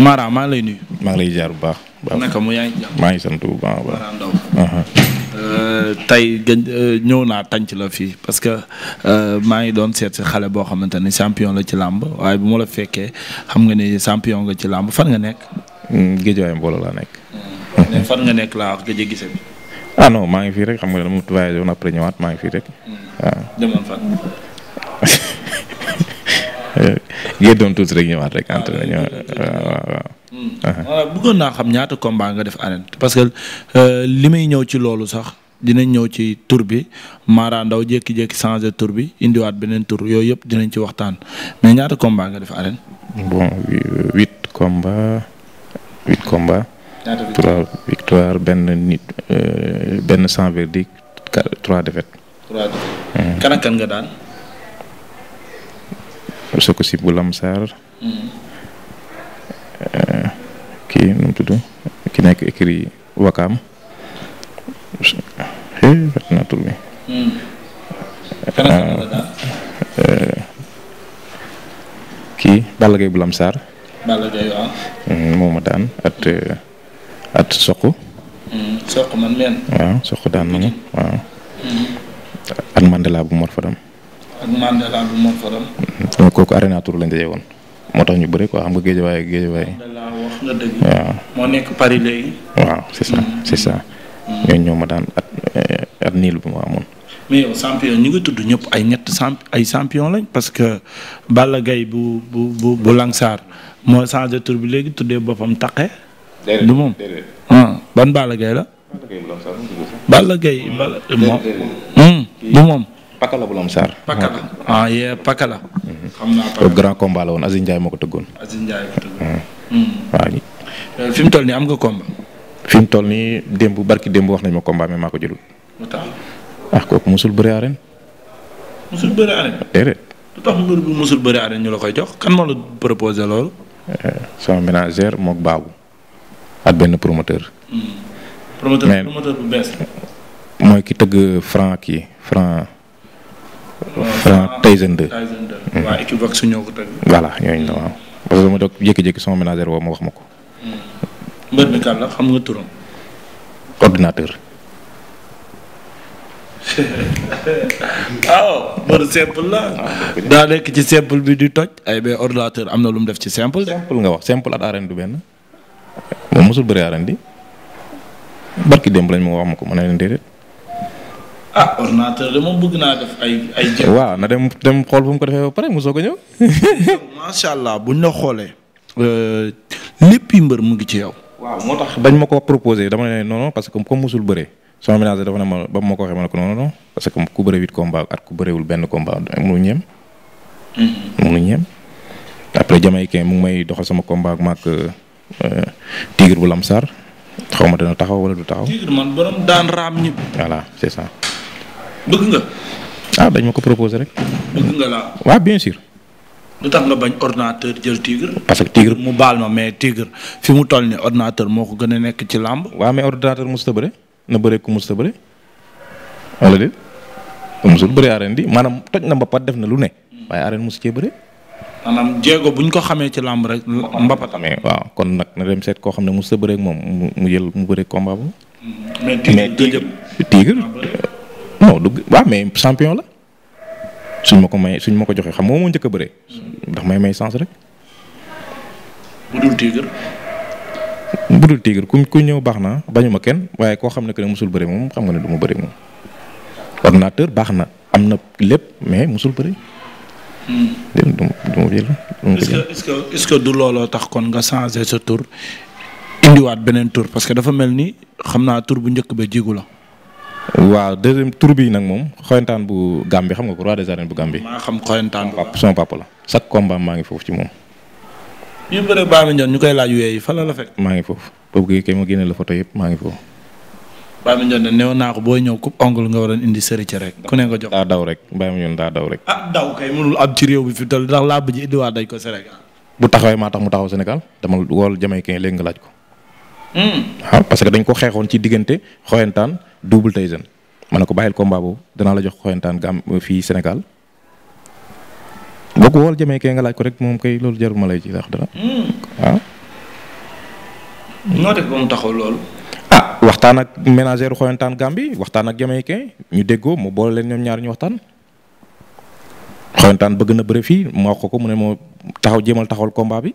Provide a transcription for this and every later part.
Mara maa lay nuyu. maa ngi lay jaar bu baax. naka mu maa ngi sant bu baax uh-huh. euh, tey gën euh, ñëw naa tànc la fii parce que euh, maa ngi doon seet xale boo xamante ne champion la ci làmb waaye bu ma la fekkee xam nga ne champion nga ci làmb fan nga nekk. Hmm, Géejawaay mbooloo laa nekk. Hmm. mais fan nga nekk laa wax gëj a gise ah non maa ngi fii rek xam nga dama voyagé woon après ñëwaat maa ngi fii rek. Hmm. Ah. géddoon tuuti rek ñëwaat rek entraîné ah, ah, ñëwaat waaw hmm. naa xam ñaata combat nga def arène parce que euh, li may ñëw ci loolu sax dinañ ñëw ci tour bi Mara Ndao jékki-jékki changé tur bi indiwaat beneen tur yooyu yëpp dinañ ci waxtaan mais ñaata combat nga def arène. bon huit combat huit combat. ñaata victoire benn nit euh, benn sans verdict trois défaites. trois hmm. nga daan. Sococib bu Lamsaar. Euh, kii nu mu tudd ki nekk écrit Wakaam. Eh, fàtte naa tur bi. Hmm. Euh, kii Balla Gaye bu hmm, daan at euh, at soq. Hmm, daan na Mandela bu Mor ak Mandela bu moom faram. Mm-hmm. kooku Arena Tour lañ daje woon moo tax ñu bëri quoi xam nga géejawaay géejawaay. waaw moo nekk Paris léegi. waaw c'est ça mm-hmm. c'est ça. Mm-hmm. ñooñu ñoo ma daan at eh, niil bu ma amoon. ñu ngi tudd ñëpp ay ñett champ ay champion lañ parce que Balla Gaye bu bu bu bu moo changé tur bi léegi tuddee boppam taqe. du moom ah, ban Balla Gaye la. Balla Gaye Balla moom. Hmm, Pakala bu Lamsaar. Pakala ah yee Pakala. grand combat la woon Aziz Ndiaye moo ko tëggoon. Aziz ah. hmm. euh, mu toll nii am nga combat. fi mu toll nii démb barki démb wax nañ ma combat mais maa ko jëlul. lu tax ah kooku musul bëri arène. musul bëri arène. ñu la koy jox kan moo la proposé loolu. Euh, sama ménagère mook baabu ak benn promoteur. Hmm. mooy ki tëgg franc kii franc. Franc Tyson 2. waa Equivox ñoo ko tëgg. voilà ñooñu la waaw parce que ma doog jékki-jékki sama ménagère woo ma wax ma ko. mbër mi kan la xam nga turam. ordinateur. waaw oh, mbër simple la. daa nekk ci simple bi di toj. ay ba ordinateur am na lu mu def ci simple. simple nga wax simple at arène benn. moom mësul bëri arène di barki démb lañ ma wax ma ko ma ne leen déedéet. ah ordinateur bëgg naa def waaw na dem dem xool bu mu ko defee ba pare mu soog a macha allah bu la xoolee. Euh, lépp yi mbër mu ngi ci yow. waaw moo bañ ma ko proposé dama ne non parce que comme musul bëree sama ménage dafa ne ma ba ma ko waxee ma ne ko non parce que ku bëree huit combat at ku bëreewul benn combat mënu ñeem. mënu mm-hmm. ñeem. après jamaïcain mu ngi may doxal sama combat ak maag euh, euh, tigre bu lamsar xaw ma dana taxaw wala du taxaw. tigre man borom daan raam ñëpp. bëgg nga. ah dañ ma ko proposé rek. bëgg nga laa. bien sûr. lu tax nga bañ ordinateur jël tigre. parce que tigre mu baal ma mais tigre fi mu toll ni ordinateur moo ko gën a nekk ci làmb. waaw mais ordinateur mosut bëre na bëre ko mosut a bëre wala déet mosul maanaam toj na mbapat def na lu ne waaye arène mosu cee bëre. maanaam jéego bu ñu ko xamee ci làmb rek. mbapat kon nag na koo xam ne mosut a bëre moom mu mu mu bëre combat boobu. Mm-hmm. mais tigre mais non du waaw mais champion la suñ ma ko may suñ ma ko joxee xam nga moo jëkk a bëree. ndax may may sens rek. bu dul tigre. ku ku ñëw baax na bañu ma kenn waaye koo xam ne que ne musul bëri moom xam nga ne du ma bëri moom. ordinateur baax na am na lépp mais musul bëri. dégg nga du ma du ma ce que est que du looloo tax kon nga changé sa tour indiwaat beneen tour parce que dafa mel ni xam naa tur bu njëkk ba jigu la. waaw deuxième tour bi nag moom xoyantaan bu Gambie xam nga ko roi des arènes bu Gambie. xam xoyantaan bu sama papa la chaque combat maa ngi foofu ci moom. ñu bëre koy laaj weey fan la maa ngi foofu boobu kay ma génne la photo yëpp maa ngi foofu. Baye Mandione neewoon naa ko booy ñëw coupe ongle nga waroon indi sëri ci rek. ku ne nga jox daa daw rek Baye Mandione daa daw rek. ah daw kay mënul am ci réew bi fi toll ndax làmb ji indiwaat ko Sénégal. bu taxawee maa tax mu taxaw Sénégal dama wool Jamaïcain léegi nga laaj ko. Hmm. Ah, parce que dañ ko xeexoon ci diggante xoyantaan Double Tyson ma ne ko bàyyil combat boobu danaa la jox xoyantaan gam fii Sénégal boo ko nga laaj rek moom kay loolu jarul ma ci wax dara. waaw. Hmm. Ah. noo ah, waxtaan ak ménagère xoyantaan gam waxtaan ak jamee ñu déggoo mu boole leen ñoom ñaar ñu waxtaan. xoyantaan bëgg na bëre fii ma wax ko ko mu ne moo taxaw jéemal taxawal combat bi.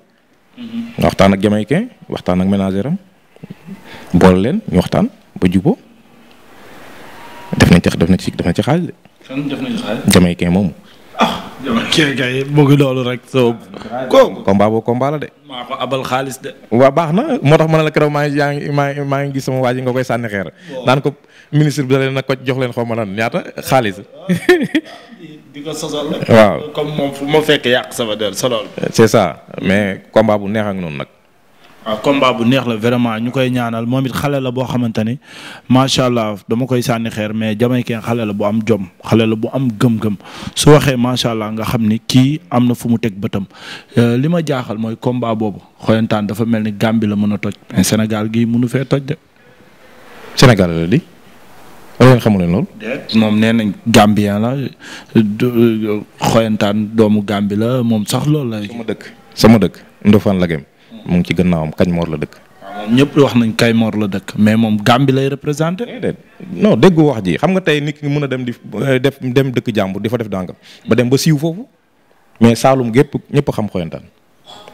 Hmm. waxtaan ak jamee waxtaan ak ménagère am leen ñu waxtaan ba jubóo. def na ci def ci xaalis de. kan def na ci xaalis. moomu. ah jamaïcain rek. soo ko de. maa abal xaalis de. waaw baax na moo tax ma ne la keroog maa ngi maa ngi gis sama waa nga koy sànni xeer. naan ko ministre bi da leen a ko jox leen xaw ma lan ñaata xaalis. di ko waaw comme fekk yàq sama der solool. c'est ça mais combat bu neex ak noonu nag. waaw combat bu neex la vraiment ñu koy ñaanal moom it xale la boo xamante ni macha allah dama koy sànni xeer mais jamaïcain xale la bu am jom xale la bu am gëm-gëm su waxee macha allah nga xam ni kii am na fu mu teg bëtam euh, li ma jaaxal mooy combat boobu xoyantaan dafa mel ni Gambie la mën a toj mais Sénégal gii mënu fee toj de. Sénégal la di. wala ngeen xamu leen loolu. moom nee nañ Gambien la xoyantaan doomu Gambie la moom sax loolu la. sama dëkk sama dëkk Ndofane la gëm mu ngi ci gannaawam kañ moor la dëkk. moom ñëpp wax nañ la dëkk mais moom Gàmbi lay représenté. non déggu wax ji xam nga tey nit ki mën a dem di euh, def dem dëkk jàmbur di fa def dàngam ba dem ba siiw foofu mais Saalum gépp ñëpp xam xoyantaan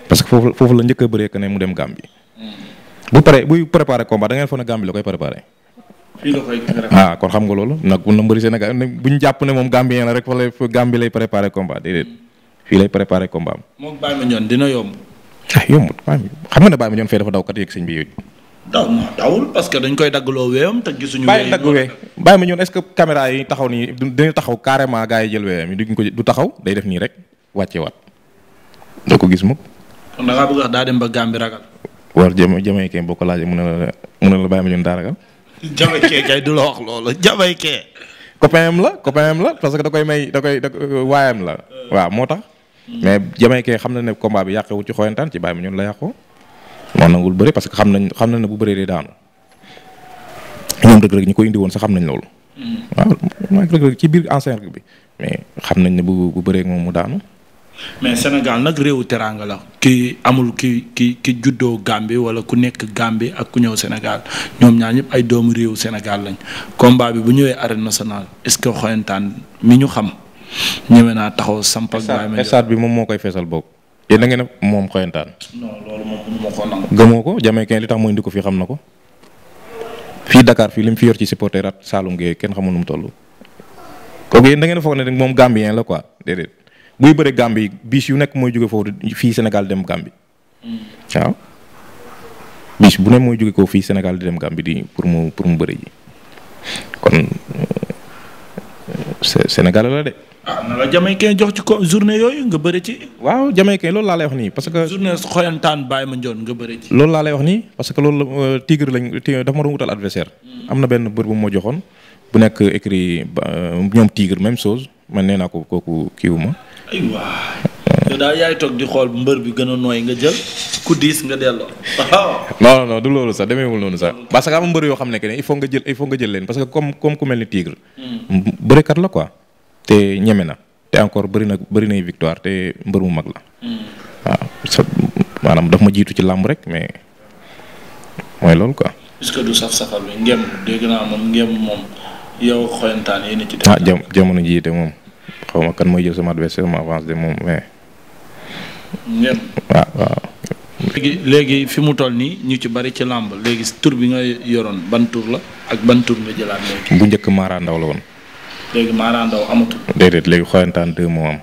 parce que foofu foofu la njëkk a bëree que ne mu dem Gàmbi. Hmm. bu paree buy préparé combat da ngeen foog ne la koy préparé. fii la koy ah nga loolu nag bu ñu mbëri Sénégal bu ñu jàpp ne moom Gambien la rek fa lay Gambie lay préparé combat déedéet hmm. fii lay préparé combat ah xam nga ne Baye Mandione Faye dafa daw kat yooyu. que dañ koy daggloo weeyam te gisuñu. weey dagg wee Baye Mandione est yi taxaw nii dañu taxaw carrément gars yi jël weeyam yi duñ ko du taxaw day def nii rek wàcce waat doo ko gis mukk. daa dem ba Gàmbi ragal. war jëm jëmay kee boo ko laajee mun na la mun na la Baye Mandione daa ragal. jëmay kee kay du la wax loolu jëmay kee. copain la copain la parce que da koy may da koy waayam la euh. waaw moo tax. mais jamaykee xam na ne combat bi yàqewu ci xoyantaan ci bàyyi ma ñun la yàqoo moo nangul bëri parce que xam nañ xam nañ ne bu bëree dee daanu moom rek rek ñi ko indi woon sax xam nañ loolu hmm. waaw mooy rek ci biir enceinte bi mais xam nañ ne bu bu bëree moom mu daanu mais Sénégal nag réewu teraanga la ki amul ki ki ki juddoo Gambie wala ku nekk Gambie ak ku ñëw Sénégal ñoom ñaar ñëpp ay doomu réewu Sénégal lañ combat bi bu ñëwee arène nationale est-ce que xoyantaan mi ñu xam ñëwee naa taxaw samp ak. bàyyi ma bi moom moo koy feesal boog. yéen da a moom xoyantaan. non moom mënu ko nangu. gëmoo li tax mooy indi ko fii xam na ko fii dakaar fii li fi yor ci supporter at Saloum Gueye kenn xamul nu mu toll. kooku yéen da ngeen a foog ne moom Gambien la quoi déedéet buy bëre Gambie bis yu nekk mooy jóge foofu fii Sénégal dem Gambie. Hmm. waaw bu ne mooy jóge ko fii Sénégal di dem Gambie di pour mu pour mu bëre kon euh, Sénégal la de. ah na la Jamaïcain jox ci ko journée yooyu nga bëri ci. waaw Jamaïcain loolu laa lay wax nii parce que. journée xoyantaan Baye Mandione nga bëri ci. loolu laa lay wax nii parce que loolu euh, Tigre lañ dafa ma doon wutal adversaire. Hmm. am na benn bër bu ma joxoon bu nekk écrit euh, ñoom Tigre même chose man nee naa ko kooku kiiwu ma. aywa yow daal toog di xool mbër bi gën nooy nga jël ku diis nga delloo. non non du loolu sax demeewul noonu sax parce que am mbër yoo xam ne que ne il faut nga jël il leen parce que comme comme ku mel ni Tigre. Hmm. bërekat la quoi. te ñeme na te encore bëri na bëri nay victoire te mbër mu mag la. waaw maanaam daf ma jiitu ci làmb rek mais mooy loolu quoi. est-ce ah jamono jiite moom xaw ma kan mooy jël sama adversaire ma avance de moom mais. ngem waaw ah, waaw. léegi léegi fi mu toll nii ñu ci bari ci làmb léegi tur bi nga yoroon ban tur la ak ban tur nga jëlaat léegi. bu njëkk Mara Ndaw la woon. léegi Mara Ndao amatul. déedéet léegi xoyantaan deux am.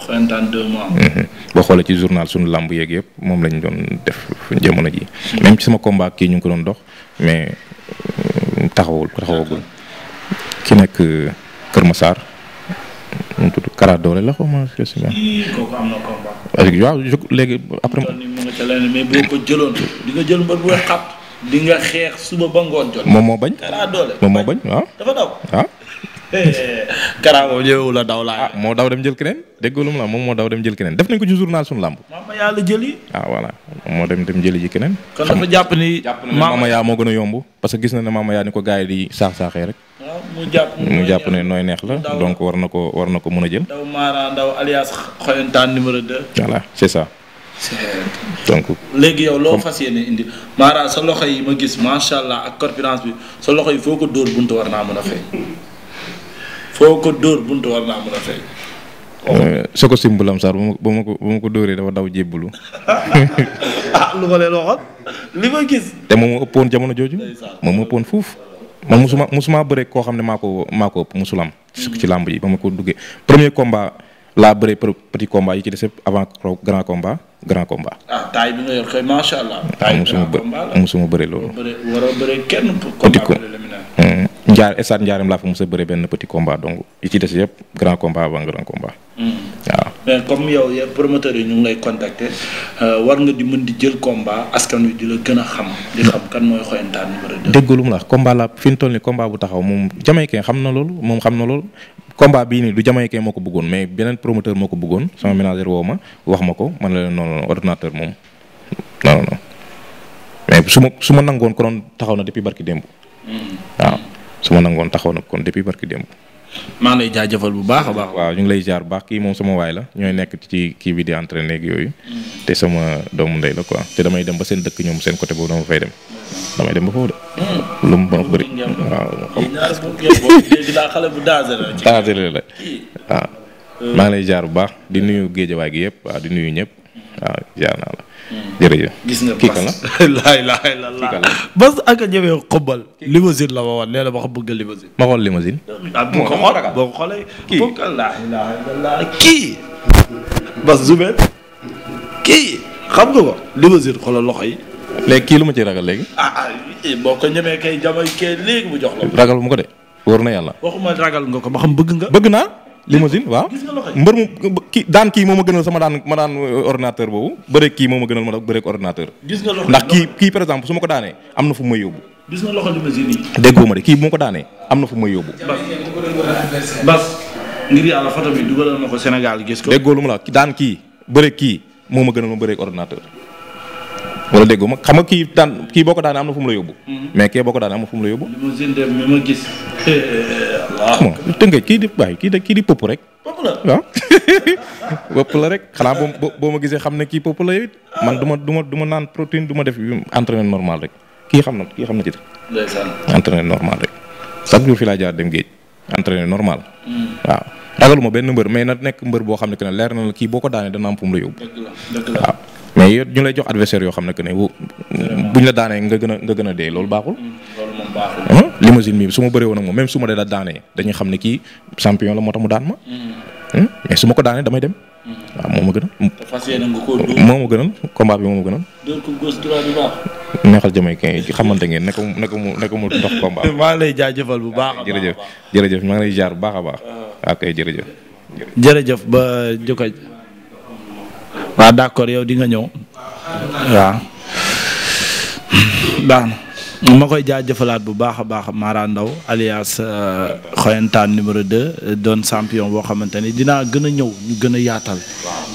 xoyantaan deux moo am. Mhm. boo xoolee ci journal suñu làmb yeeg yëpp moom lañu doon def jamono ji. Mhm. même ci sama combat kii ñu ngi ko doon dox mais euh, taxawul taxawagul. ki nekk euh, Kër Massar. nu mu tudd Kara Doole la xaw ma. Ah, ko jëloon di jël mbër bu weex xat di nga xeex suba ba ngoon jot. moom moo bañ. Kara Doole moom moo bañ waaw. Karaama ñëw la daw laa. Ah, moo daw dem jël keneen déggoo moom moo daw dem jël keneen def nañ ko ci journal suñu làmb. maama yaa la jëli. ah voilà moo dem dem jëli ji keneen. kon dafa jàpp ni. maama moo gën a yomb parce que gis na ne maama yaa ni ko gars yi di saax saaxee rek. Ah, mu jàpp mu jàpp ne nooy neex la donc war na ko war na ko mën a jël. daw Mara Ndaw alias Xoyantaan numéro 2. voilà c'est ça. donc. léegi yow loo fas yéene indi Mara sa loxo yi ma gis macha allah ak corpulence bi sa loxo yi foo ko dóor buntu war naa mën a fay. foo ko dóor buntu war naa mën a fay. Eh, soo ko simbulam saar ba ma ma ko dóoree dafa daw jébbalu. ah lu ma li ma gis. te moom ëpp woon jamono jooju. moom moo ëppoon fuuf. man musuma musuma bëre koo xam ne maa ko maa ko ëpp musulam. Hmm. ci làmb yi ba ma ko duggee premier combat laa bëree petit combat yi ci des avant grand combat grand combat. ah, ah grand combat musuma bë loolu. waroo bëree kenn pour. combat njaar stade njaaram laa fa mos a bëre benn petit combat donc yi ci des yëpp grand combat avant grand combat. Hmm. waaw. mais comme yow ya promoteur yi ñu ngi lay contacter euh, war nga di mën di jël combat askan wi di la gën a xam. di xam kan mooy xoyantaan numéro 2. déggu lu mu la fi mu toll nii bu taxaw moom jamaïcain xam na loolu moom xam na loolu. combat bii nii du moo ko bëggoon mais beneen promoteur moo ko bëggoon sama manager woo ma wax ma ko man la leen noonu ordinateur moom non non mais su ma su ma nangoon ko taxaw na depuis barki démb hmm. su ma nangoon taxaw nag kon depuis barki dem maa ngi lay jaajëfal bu baax a baax. waaw ñu ngi lay jaar bu baax kii moom sama waay la ñooy nekk ci kii bi di entraîné ak yooyu. te sama doomu ndey la quoi te damay dem ba seen dëkk ñoom seen côté boobu dama fay dem. damay dem ba foofu de. lu mu ma bëri waaw. léegi maa ngi lay jaar bu baax di nuyu géejawaay gi yëpp waaw di nuyu ñëpp. waaw jaar naa la. Hmm. jërëjëf. gis nga Bas laay la la Bas ak a ñëwee xobbal. limousine ma wan nee ma xam bëgg nga limousine. ma xool limousine. Ah, ko xool boo ko xoolee. kii foog laay kii. Bas Zubeen kii xam nga ko limousine xoolal loxo yi. léegi kii lu ma ciy ragal léegi. ah, ah eh, boo ko ñemee kay jamay kay léegi mu jox ragal mu ko de wóor na yàlla. waxuma ragal nga ko ma xam bëgg nga. bëgg na limousine waaw mbër mu kii daan kii moo ma gënal sama daan ma daan euh, ordinateur boobu bëreeg kii moo ma gënal ma bëreeg ordinateur. gis ndax kii kii par exemple su ma daanee am na fu may yóbbu. gis nga déggoo ma de kii bu ko daanee am na fu ma ko Sénégal gis ko. lu ma la daan kii bëreeg kii moo ma gënal ma bëreeg ordinateur. wala déggoo ma xam kii daan kii boo ko daanee am na fu mu la yóbbu. Mm-hmm. mais kii boo ko daanee am na fu mu la yóbbu. bon tënkee kii di kii di kii di pëpp rek. pëpp la pëpp la rek xanaa boo boo ma gisee xam ne kii pëpp la yow it man du ma du ma du ma naan protéine du ma def entraîné normal rek kii xam na kii xam na ci. ndeysaan entraîné normal rek chaque jour fi laa jaar dem géej entraîné normal. Hmm. waaw ragaluma benn mbër mais na nekk mbër boo xam ne que ne leer na la kii boo ko daanee dana am fu la yóbbu. waaw mais ñu lay jox adversaire yoo xam ne que ne bu buñ la daanee nga gën a nga gën a dee loolu baaxul. Hmm, limousine bi su ma bëree woon ak moom même su ma la daanee dañuy xam ne kii champion la moo tax mu daan ma. Hmm. Hmm. mais su ma ko daanee damay dem. Hmm. waaw moom ma gënal. fas yéene nga koo dóor moom ma gënal combat bi moom ma gënal. dóor ko gos droit bi baax. neexal jamaïcain yi xamante ngeen naka mu naka mu naka mu dox combat. maa ngi lay jaajëfal bu baax a baax jërëjëf jërëjëf maa ngi lay jaar bu baax a baax. waaw ah. kay jërëjëf. jërëjëf ba Jokalante. waaw d'accord yow di nga ñëw. Ah. waaw. baax na. ma koy jëfalaat bu baax a baax Mara Ndao alias euh, xoyantaan numéro 2 doon champion boo xamante ni dinaa gën a ñëw ñu gën a yaatal.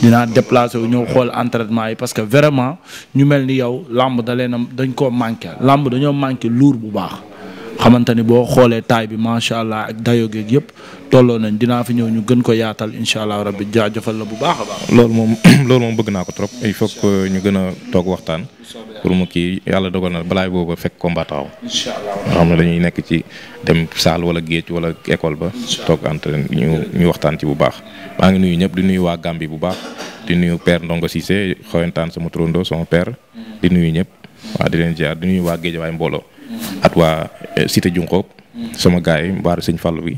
dinaa déplacé wu ñëw xool entraînement yi parce que vraiment ñu mel ni yow làmb da leen dañ koo manqué làmb dañoo manqué luur bu baax. xamante ni boo xoolee taay bi macha allah ak dayo geeg yëpp tolloo nañ dinaa fi ñëw ñu gën ko yaatal incha allah rabbi jaajëfal la bu baax a loolu moom loolu moom bëgg naa ko trop il faut que ñu gën a toog waxtaan. pour mu kii yàlla dogal na balaay boobu fekk combat taxaw. incha allah nga xam ne dañuy nekk ci dem saal wala géej wala école ba. toog entraîne ñu ñu waxtaan ci bu baax. maa ngi nuyu ñëpp di nuyu waa gambi bu baax. di nuyu père Ndongo Cissé xoyantaan sama turandoo sama père. di nuyu ñëpp. waa di leen ziar di nuyu waa Géejawaay mbooloo at waa eh, Cité Junqoob sama gaay yi mbaaru sëñ Fallou wi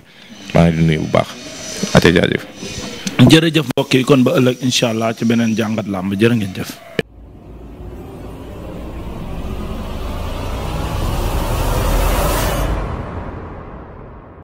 maa ngi di nuyu bu baax ate jaajëf jërëjëf mbokk yi kon ba ëllëg incha allah ci beneen jàngat lamba jërë ngeen jëf